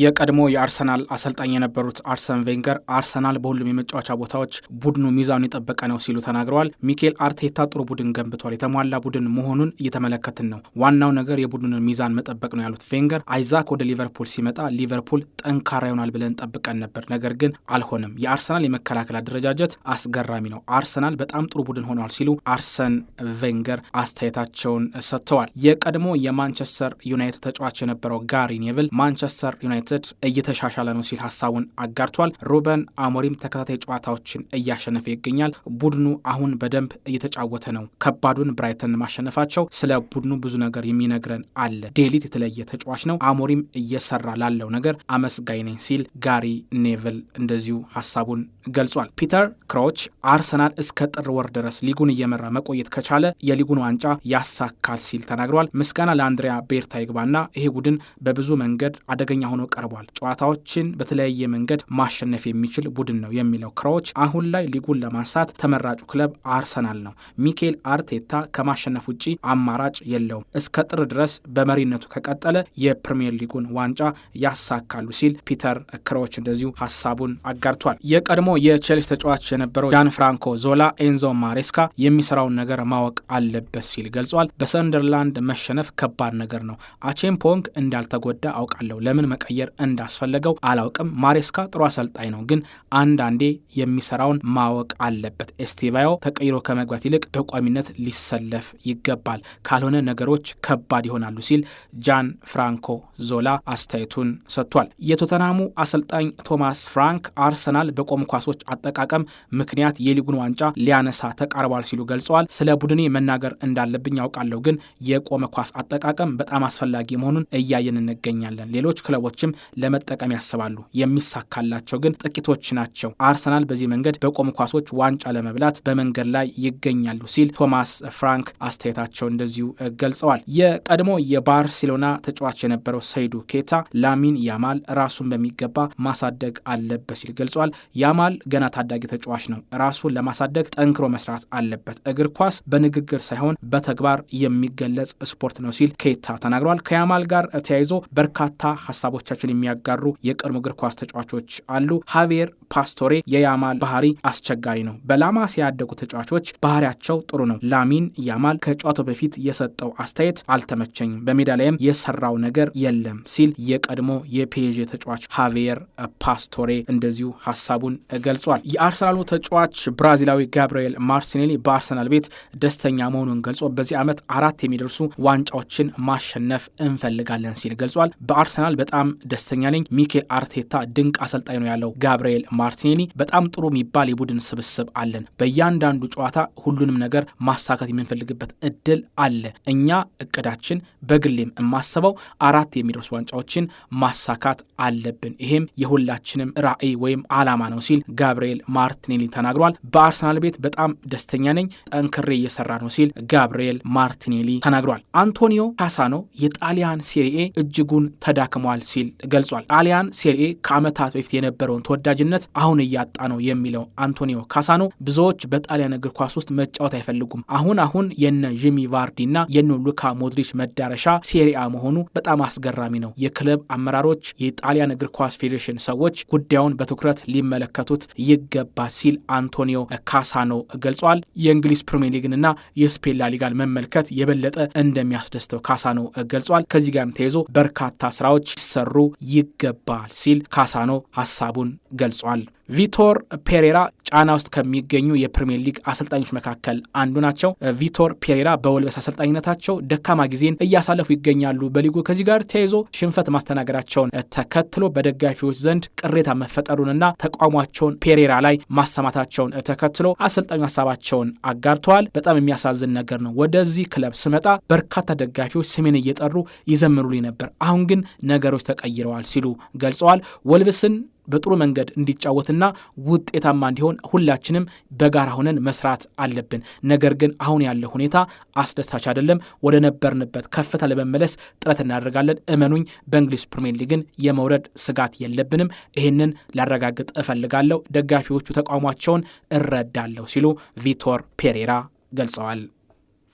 የቀድሞ የአርሰናል አሰልጣኝ የነበሩት አርሰን ቬንገር አርሰናል በሁሉም የመጫወቻ ቦታዎች ቡድኑ ሚዛኑን የጠበቀ ነው ሲሉ ተናግረዋል። ሚኬል አርቴታ ጥሩ ቡድን ገንብቷል፣ የተሟላ ቡድን መሆኑን እየተመለከትን ነው። ዋናው ነገር የቡድኑን ሚዛን መጠበቅ ነው ያሉት ቬንገር አይዛክ ወደ ሊቨርፑል ሲመጣ ሊቨርፑል ጠንካራ ይሆናል ብለን ጠብቀን ነበር፣ ነገር ግን አልሆነም። የአርሰናል የመከላከል አደረጃጀት አስገራሚ ነው። አርሰናል በጣም ጥሩ ቡድን ሆኗል ሲሉ አርሰን ቬንገር አስተያየታቸውን ሰጥተዋል። የቀድሞ የማንቸስተር ዩናይትድ ተጫዋች የነበረው ጋሪ ኔቭል ማንቸስተር ዩናይትድ ዩናይትድ እየተሻሻለ ነው ሲል ሀሳቡን አጋርቷል። ሩበን አሞሪም ተከታታይ ጨዋታዎችን እያሸነፈ ይገኛል። ቡድኑ አሁን በደንብ እየተጫወተ ነው። ከባዱን ብራይተን ማሸነፋቸው ስለ ቡድኑ ብዙ ነገር የሚነግረን አለ። ዴሊት የተለየ ተጫዋች ነው። አሞሪም እየሰራ ላለው ነገር አመስጋኝ ነኝ ሲል ጋሪ ኔቭል እንደዚሁ ሀሳቡን ገልጿል። ፒተር ክሮች አርሰናል እስከ ጥር ወር ድረስ ሊጉን እየመራ መቆየት ከቻለ የሊጉን ዋንጫ ያሳካል ሲል ተናግሯል። ምስጋና ለአንድሪያ ቤርታ ይግባና ይሄ ቡድን በብዙ መንገድ አደገኛ ሆኖ ቀርቧል። ጨዋታዎችን በተለያየ መንገድ ማሸነፍ የሚችል ቡድን ነው የሚለው ክራዎች አሁን ላይ ሊጉን ለማንሳት ተመራጩ ክለብ አርሰናል ነው። ሚኬል አርቴታ ከማሸነፍ ውጪ አማራጭ የለውም። እስከ ጥር ድረስ በመሪነቱ ከቀጠለ የፕሪምየር ሊጉን ዋንጫ ያሳካሉ ሲል ፒተር ክራዎች እንደዚሁ ሀሳቡን አጋርቷል። የቀድሞ የቼልሲ ተጫዋች የነበረው ጃን ፍራንኮ ዞላ ኤንዞ ማሬስካ የሚሰራውን ነገር ማወቅ አለበት ሲል ገልጿል። በሰንደርላንድ መሸነፍ ከባድ ነገር ነው። አቼምፖንግ እንዳልተጎዳ አውቃለሁ። ለምን መቀየር መቀየር እንዳስፈለገው አላውቅም። ማሬስካ ጥሩ አሰልጣኝ ነው፣ ግን አንዳንዴ የሚሰራውን ማወቅ አለበት። ኤስቴቫዮ ተቀይሮ ከመግባት ይልቅ በቋሚነት ሊሰለፍ ይገባል፣ ካልሆነ ነገሮች ከባድ ይሆናሉ ሲል ጃን ፍራንኮ ዞላ አስተያየቱን ሰጥቷል። የቶተናሙ አሰልጣኝ ቶማስ ፍራንክ አርሰናል በቆም ኳሶች አጠቃቀም ምክንያት የሊጉን ዋንጫ ሊያነሳ ተቃርቧል ሲሉ ገልጸዋል። ስለ ቡድኔ መናገር እንዳለብኝ ያውቃለሁ፣ ግን የቆመ ኳስ አጠቃቀም በጣም አስፈላጊ መሆኑን እያየን እንገኛለን። ሌሎች ክለቦችም ለመጠቀም ያስባሉ። የሚሳካላቸው ግን ጥቂቶች ናቸው። አርሰናል በዚህ መንገድ በቆም ኳሶች ዋንጫ ለመብላት በመንገድ ላይ ይገኛሉ ሲል ቶማስ ፍራንክ አስተያየታቸው እንደዚሁ ገልጸዋል። የቀድሞ የባርሴሎና ተጫዋች የነበረው ሰይዱ ኬታ ላሚን ያማል ራሱን በሚገባ ማሳደግ አለበት ሲል ገልጸዋል። ያማል ገና ታዳጊ ተጫዋች ነው። ራሱን ለማሳደግ ጠንክሮ መስራት አለበት። እግር ኳስ በንግግር ሳይሆን በተግባር የሚገለጽ ስፖርት ነው ሲል ኬታ ተናግረዋል። ከያማል ጋር ተያይዞ በርካታ ሀሳቦቻቸው ጨዋታዎችን የሚያጋሩ የቀድሞ እግር ኳስ ተጫዋቾች አሉ። ሀቬር ፓስቶሬ የያማል ባህሪ አስቸጋሪ ነው። በላማስ ያደጉ ተጫዋቾች ባህሪያቸው ጥሩ ነው። ላሚን ያማል ከጨዋታው በፊት የሰጠው አስተያየት አልተመቸኝም፣ በሜዳ ላይም የሰራው ነገር የለም ሲል የቀድሞ የፔዥ ተጫዋች ሀቬር ፓስቶሬ እንደዚሁ ሀሳቡን ገልጿል። የአርሰናሉ ተጫዋች ብራዚላዊ ጋብርኤል ማርቲኔሊ በአርሰናል ቤት ደስተኛ መሆኑን ገልጾ በዚህ ዓመት አራት የሚደርሱ ዋንጫዎችን ማሸነፍ እንፈልጋለን ሲል ገልጿል። በአርሰናል በጣም ደስተኛ ነኝ። ሚኬል አርቴታ ድንቅ አሰልጣኝ ነው ያለው ጋብርኤል ማርቲኔሊ። በጣም ጥሩ የሚባል የቡድን ስብስብ አለን። በእያንዳንዱ ጨዋታ ሁሉንም ነገር ማሳካት የምንፈልግበት እድል አለ። እኛ እቅዳችን በግሌም የማስበው አራት የሚደርሱ ዋንጫዎችን ማሳካት አለብን። ይሄም የሁላችንም ራዕይ ወይም አላማ ነው ሲል ጋብርኤል ማርቲኔሊ ተናግሯል። በአርሰናል ቤት በጣም ደስተኛ ነኝ፣ ጠንክሬ እየሰራ ነው ሲል ጋብርኤል ማርቲኔሊ ተናግሯል። አንቶኒዮ ካሳኖ የጣሊያን ሴሪኤ እጅጉን ተዳክሟል ሲል ገልጿል። ጣሊያን ሴሪኤ ከዓመታት በፊት የነበረውን ተወዳጅነት አሁን እያጣ ነው የሚለው አንቶኒዮ ካሳኖ ብዙዎች በጣሊያን እግር ኳስ ውስጥ መጫወት አይፈልጉም። አሁን አሁን የነ ዥሚ ቫርዲ የነ ሉካ ሞድሪች መዳረሻ ሴሪአ መሆኑ በጣም አስገራሚ ነው። የክለብ አመራሮች፣ የጣሊያን እግር ኳስ ፌዴሬሽን ሰዎች ጉዳዩን በትኩረት ሊመለከቱት ይገባ ሲል አንቶኒዮ ካሳኖ ገልጿል። የእንግሊዝ ፕሪሚየር ሊግንና የስፔን ላሊጋን መመልከት የበለጠ እንደሚያስደስተው ካሳኖ ገልጿል። ከዚህ ጋርም ተይዞ በርካታ ስራዎች ይሰሩ ሊሰሩ ይገባል ሲል ካሳኖ ሀሳቡን ገልጿል። ቪቶር ፔሬራ ጫና ውስጥ ከሚገኙ የፕሪምየር ሊግ አሰልጣኞች መካከል አንዱ ናቸው። ቪቶር ፔሬራ በወልበስ አሰልጣኝነታቸው ደካማ ጊዜን እያሳለፉ ይገኛሉ። በሊጉ ከዚህ ጋር ተያይዞ ሽንፈት ማስተናገዳቸውን ተከትሎ በደጋፊዎች ዘንድ ቅሬታ መፈጠሩንና ተቋሟቸውን ፔሬራ ላይ ማሰማታቸውን ተከትሎ አሰልጣኙ ሀሳባቸውን አጋርተዋል። በጣም የሚያሳዝን ነገር ነው። ወደዚህ ክለብ ስመጣ በርካታ ደጋፊዎች ስሜን እየጠሩ ይዘምሩልኝ ነበር። አሁን ግን ነገሮች ተቀይረዋል ሲሉ ገልጸዋል። ወልብስን በጥሩ መንገድ እንዲጫወትና ውጤታማ እንዲሆን ሁላችንም በጋራ ሆነን መስራት አለብን። ነገር ግን አሁን ያለ ሁኔታ አስደሳች አይደለም። ወደ ነበርንበት ከፍታ ለመመለስ ጥረት እናደርጋለን። እመኑኝ፣ በእንግሊዝ ፕሪሚየር ሊግን የመውረድ ስጋት የለብንም። ይህንን ላረጋግጥ እፈልጋለሁ። ደጋፊዎቹ ተቃውሟቸውን እረዳለሁ ሲሉ ቪቶር ፔሬራ ገልጸዋል።